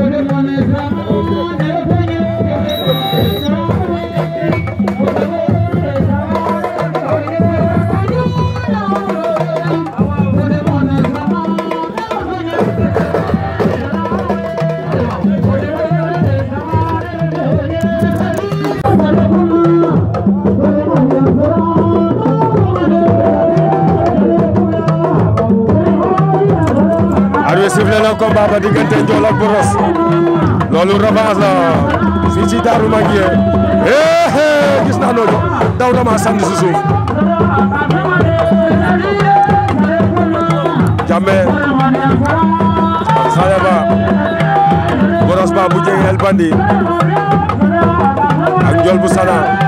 Thank you. combat ba diggante Ndiol ak Brosse loolu revanche la fii ci Darou Manguié eh, eh gis naa loolu daw na bu jege El Bandi ak Ndiol bu Sana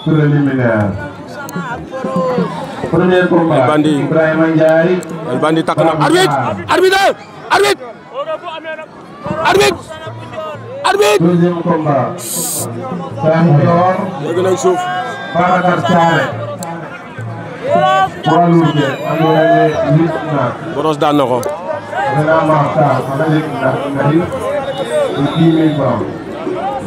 préliminaire. premier combat Albandi suuf. daan na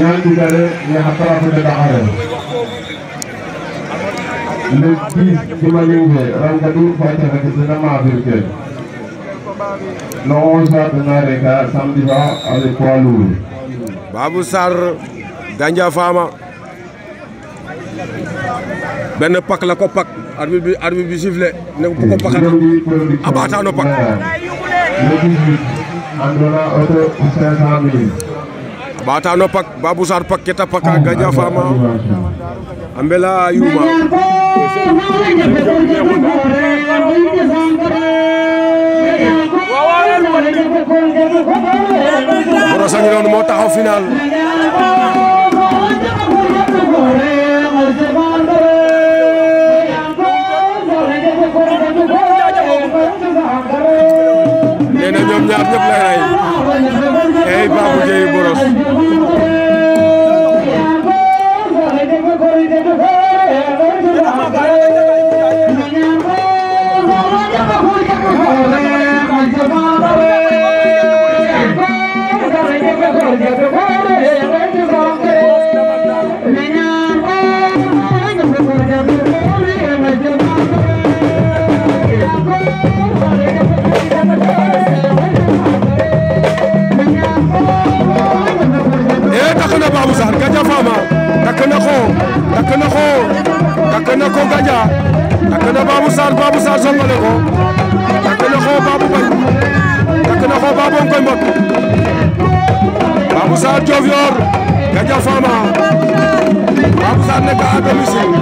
ñaantigale ne hataratu de daxare le 10 dimanche rangadu fatiha kisina maafirke le 11 atenareka samedi va avec poids lourd Babou Sarr Gandia Fama benn pak la ko pak arbitre bi arbitre bi ne ko pakat abaataano pak le 18 andona auto 500 000 ɓatano pak babou sar pak keta paka gadia fama a mbela yuma brosa ngi noon moo taxaw final nee na ñoom ñaar ñëpp lay rey Babou Dieye Brosse Babou Sarr Gandia Fama takk na ko takk na ko takk na na Babou Sarr Babou Sarr songale ko takk na ko Babou bañ takk na ko Babou koy mbot Babou Sarr Diofior Gandia Fama Babou Sarr nekk à domicile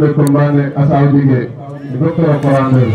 ɓe kombane asaji ɓe docteur o korande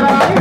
Bye.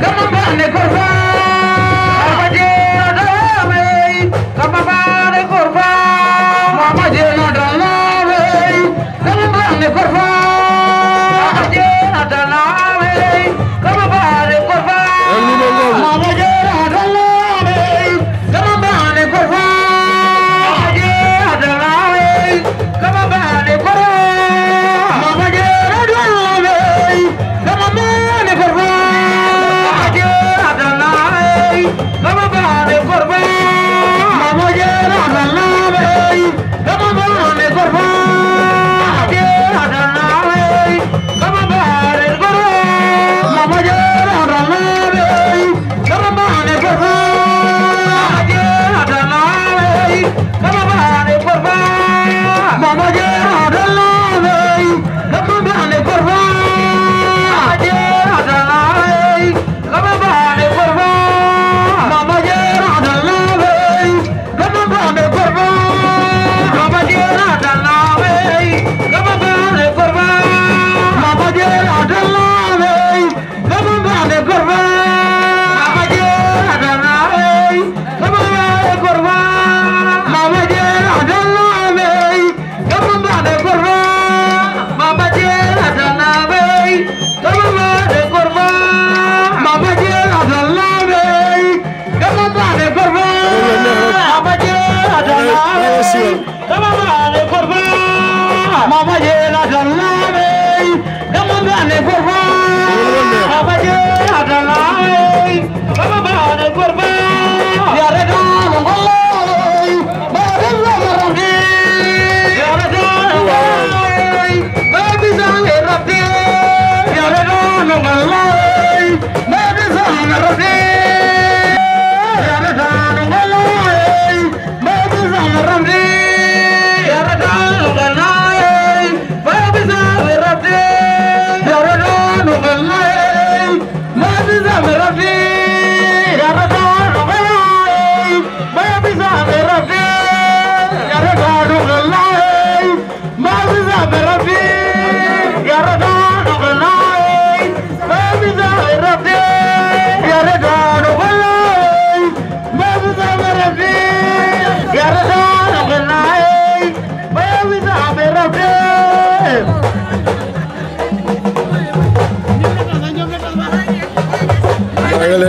Come on, go,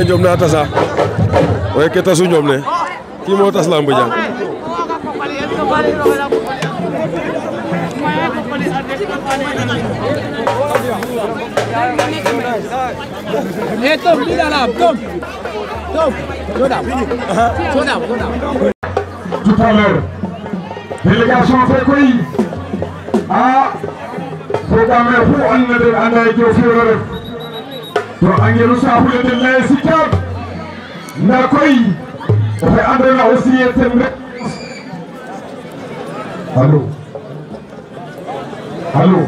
jom na tasa waaye ke tasu ñoom ne kii moo tas lamb ja e tom lila lam tom tom go down go down go down tout fu anna den anda e to angel sahude ley sikkam nda koye oxe andona aussi ten rek alo alo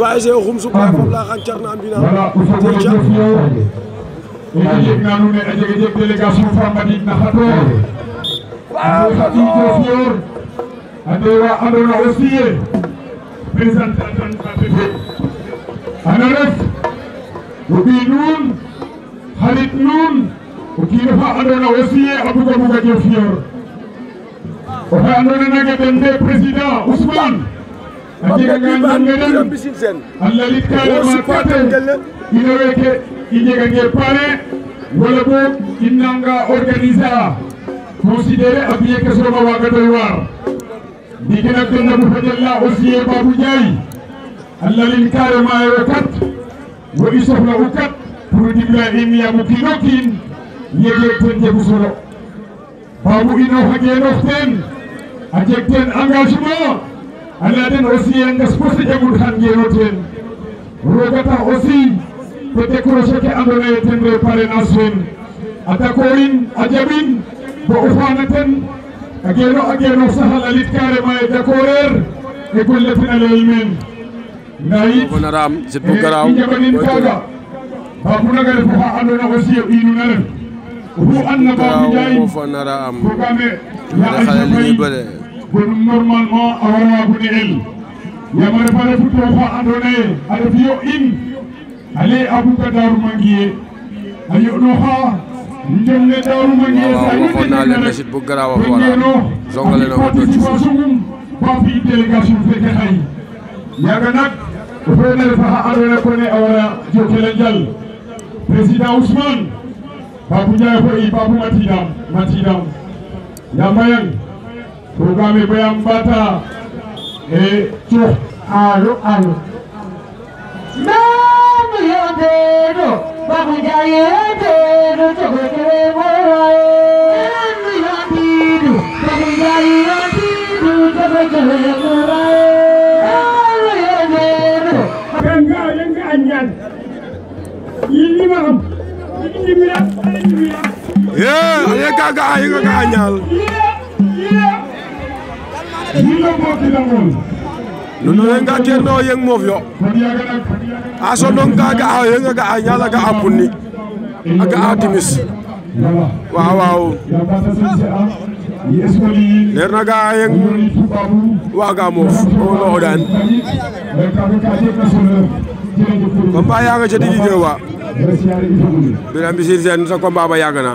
baise o xum suɓa fam la xan carna mbina teca ene jeg na nuun a jega jeg délégation fa mbadiid na xato fatijo fior a ndewa andona aussi ye présente atan kafe fe ana ref o ɓiy nuun xarit nuun o kiino fa andona aussi ye a buga buga jo fior oxe andona nange den de président Ousmane mamɓe ɓiɓan ɓiram bisin sen wosi paten gelle ina wiyete i jega nge paane wala bo i nanga organisé a considéré a biye ke sooma waaga doy waar ndiiki nak ten refu fajalla aussi e Babou Ndiaye a lalin carrément yo kat wo i soxla u kat pour o dimla in yaam yegee ten jegu solo Babou inooxa genoox teen a jeg teen engagement aladen aussi en gas poste ƴegol han ngeeno ten rogata aussi ko ke andoona yee ten re parrainage fen a dakorin a jaɓin bo o fanaten a geeno a geeno sahal a lit carrément e dakoreer e golle ten a leyel meen ndaa yit i njaɓanin kaaga babunaga ref oxa andoona aussi o ɓiinuna ref oxu andna Babou Ndiaye fogaam ee ya a ko ɗum normalement a wawa wabude en yamare bale futto fa aɗone aɗa fiyo in ale abuka daru manguiye a yoɗno ha jomde daru manguiye sawafonale machid bo garawa wala jongalene woddo participation mum bafi délégation feke hay yaga nak o fenere faha aɗone kone a wara jokele dial président ousmane babou ndiaye foyi babou matidam matidam yambayang ubami bwe yamubata ekyo alo alo mami yodero babuja yodero togwekerebwerae mami yodiru babuja yodiru togwekerebwerae alo yodero ganga yanga anyan yilimam yimira yimira yeah yeah, yeah, yeah, yeah, yeah, yeah yeah Nunu nga kerno yeng mofyo aso non ka ga a yeng ga a nyala ga a punni aga atimis waaw waaw leer na ga a yeng wa ga mof o no odan komba yaga ci digi ge wa biram bisir sen sa komba ba yaga na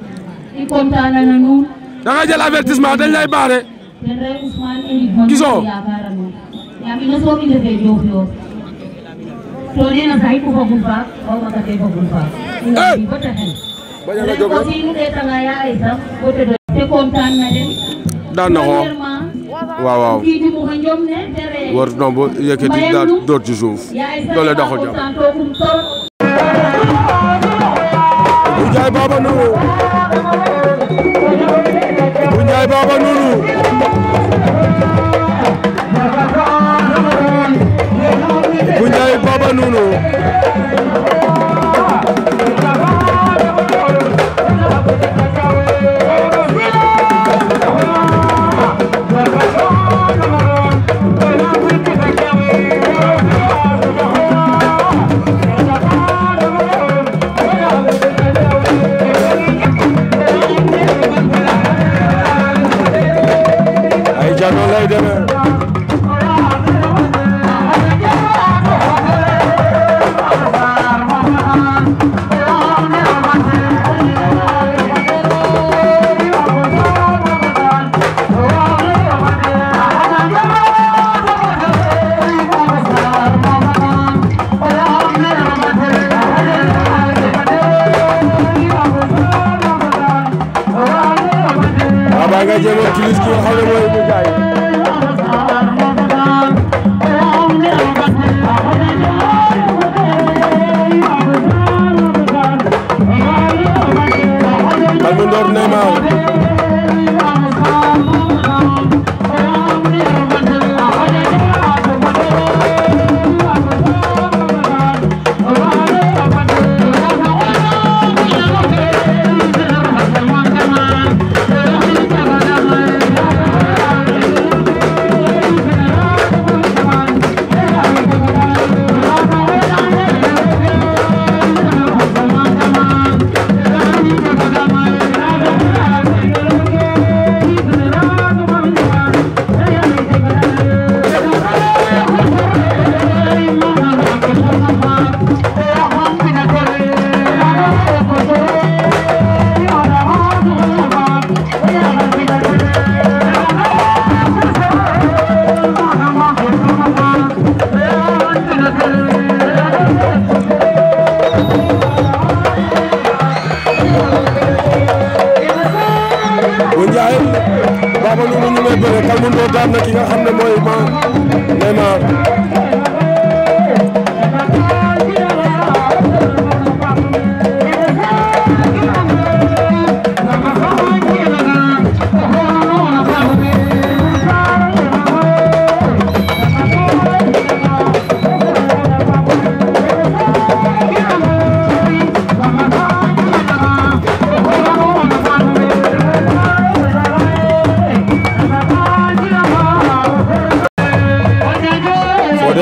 i kontaana jël avertissement dañ lay baare ten ref Ousmane émission gisoo yaakaara nuun yaam ino soom i ndefe daan na waaw waaw war non bu yëkkati daal door ci doole doxu jàmm. waaye baba nunu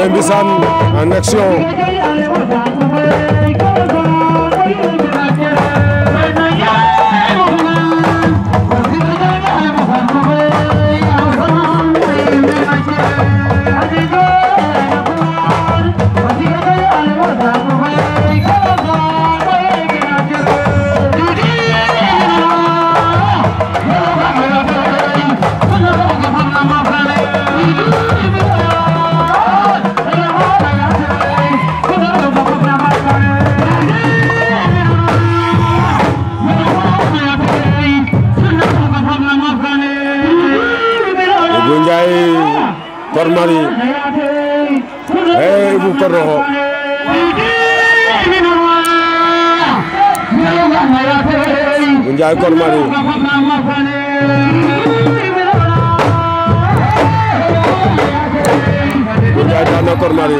Ndeysaan en action Ndiaye Kolmari Ndiaye daan na Kolmari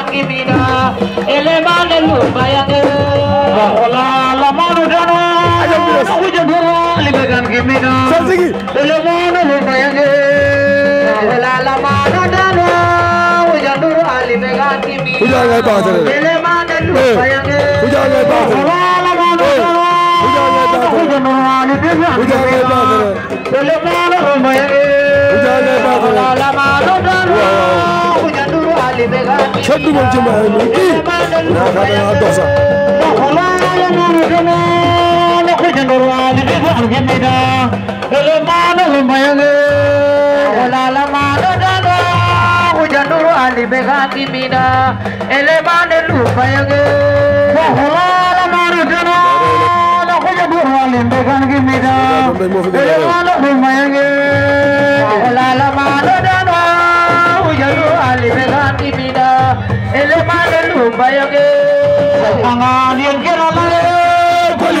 sakimina ele malelu bayade wala la manu dana kenn du ma ci mbaay mi kii yaakaar naa yaa Angan yang kira male, kuli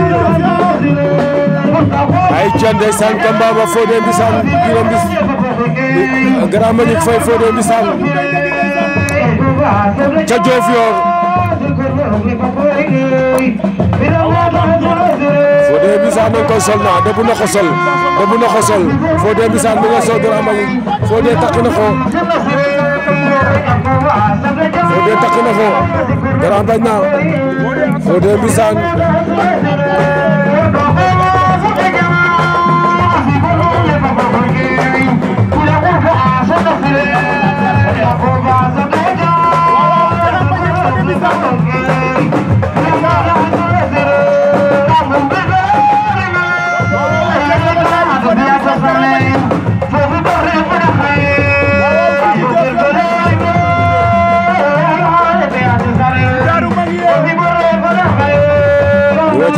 ay ca ndeysaan Kambaba Fodé Mbissane juróom bis Grand Mbagnick Faye Fodé Mbissane ca Diofior Fodé Mbissane nañ koy sol naa dëbb na ko ko sol Fodé ko Fodé takk na ko Grand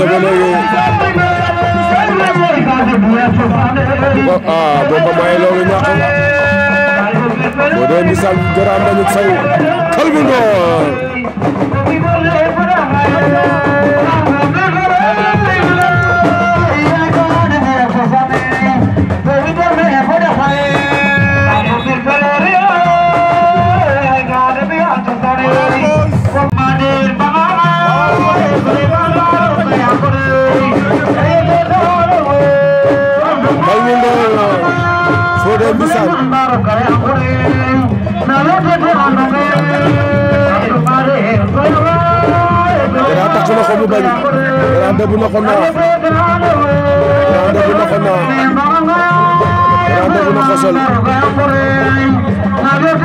jamono ah booba may loolu ñàkk na boo dee misaal garaam nañu fay kalbu ndoor du bañ Grand Debout na ko naax Grand Debout na ko naax Grand Debout na ko sol Grand Debout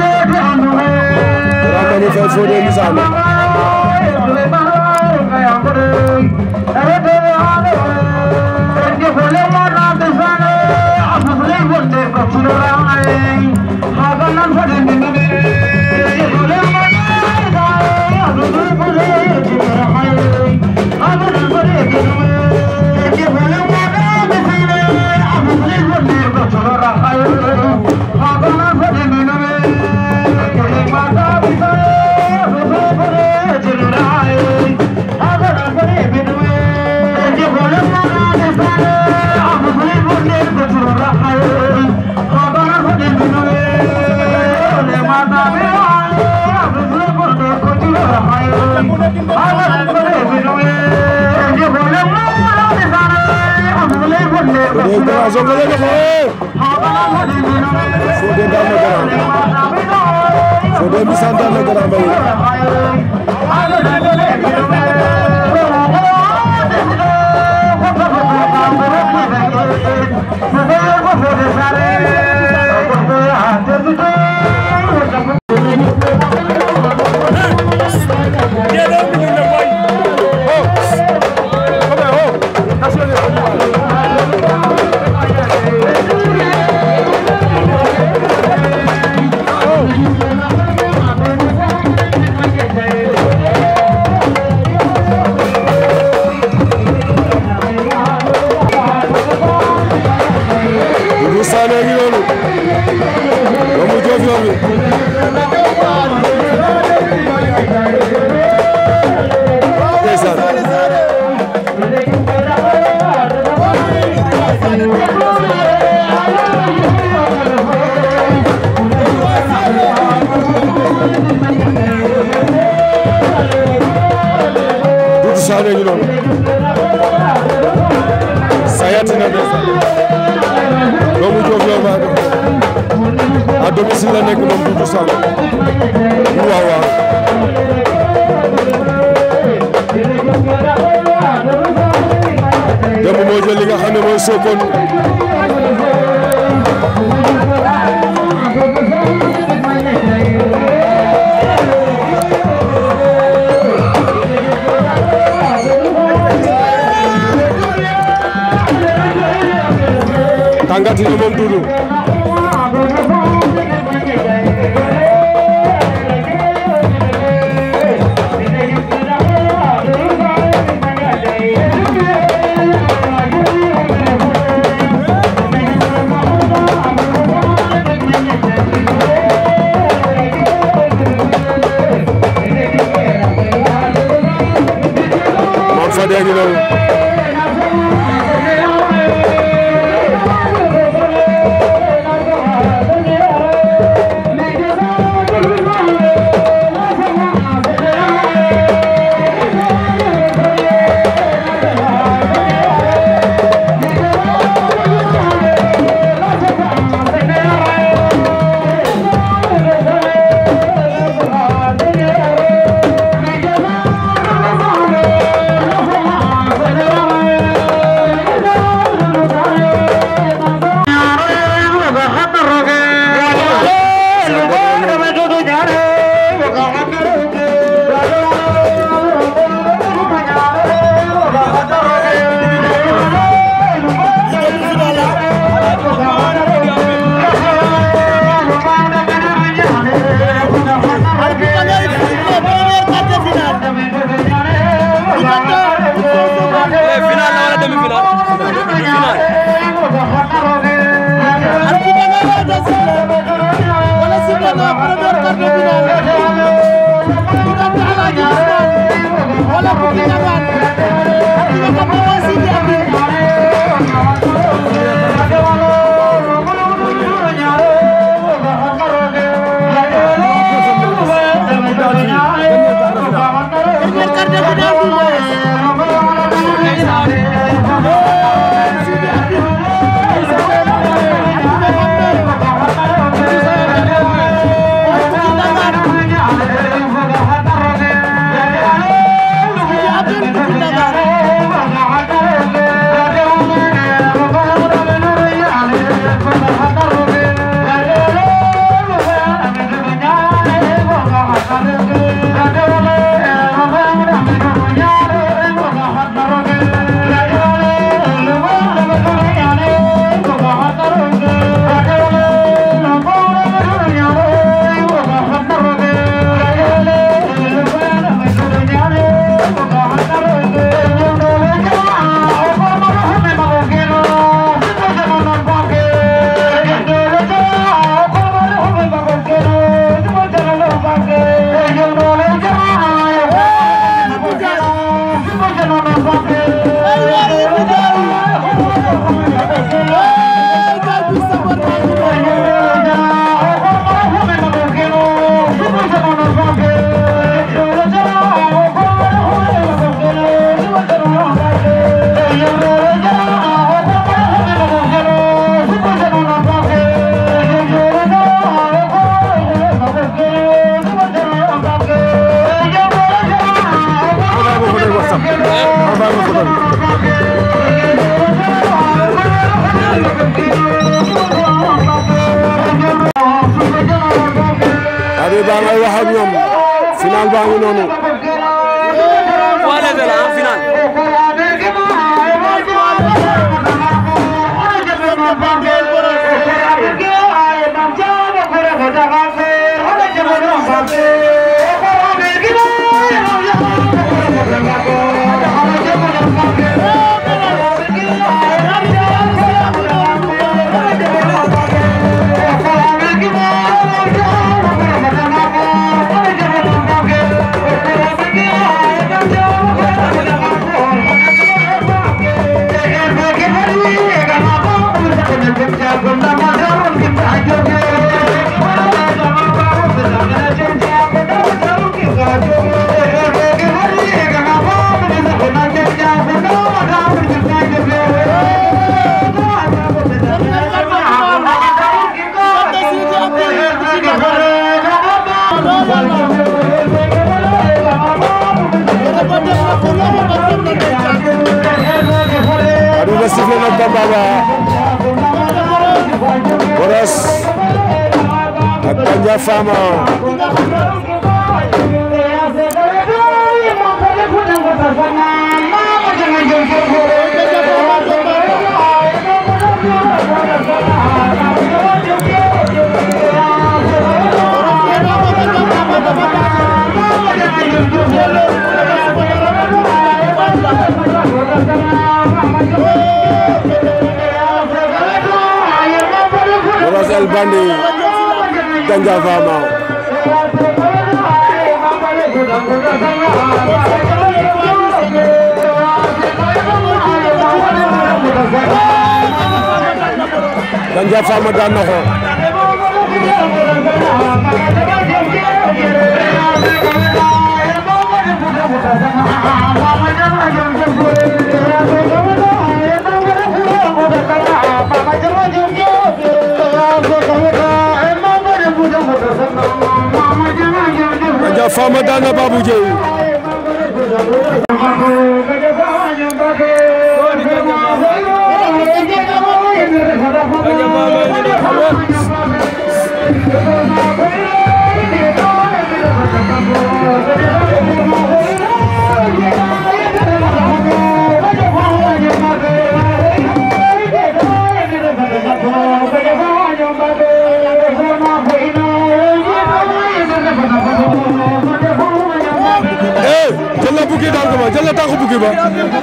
fay Fodé Lissané Thank you. de Sokone tàngat yi moom Doudou dégg loolu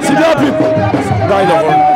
Sida People.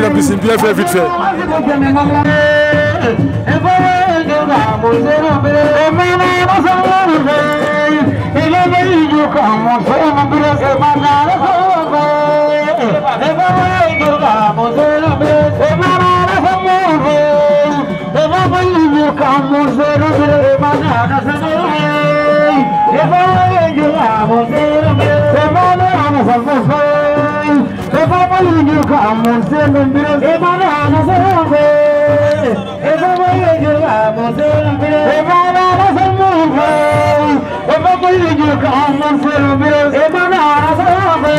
sortir la piscine bien fait, vite fait. Semana, vamos a babayijuka munsimbire ebana amasembe ebabayijuka munsimbire ebana amasembe ebabayijuka munsimbire ebana amasembe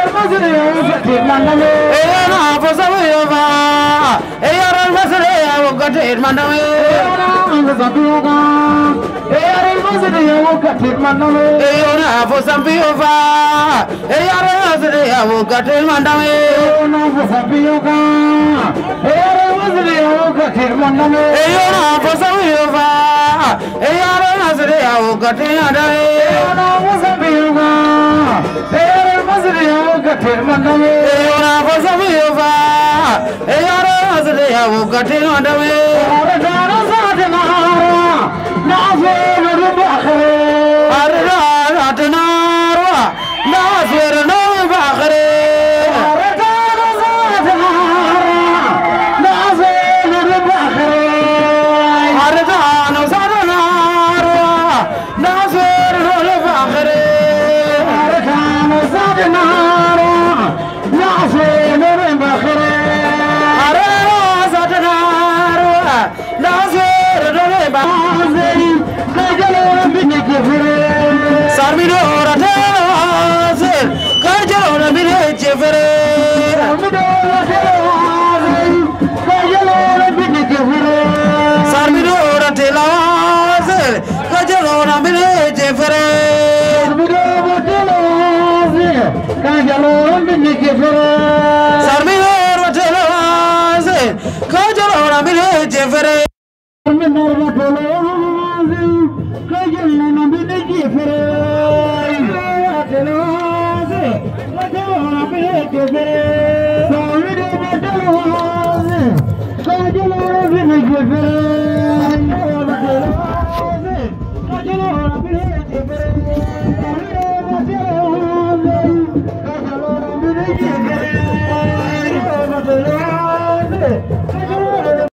Hey, I don't know what's up, you are. Hey, I don't know what's up, you are. Hey, I don't know what's up, you are. Hey, I don't know what's up, you are. Hey, I don't know what's up, you Eyora you viyova, eyora asle ya wukati nondawe. Arda rasa te nahara, nafe nurubu akhwe. Arda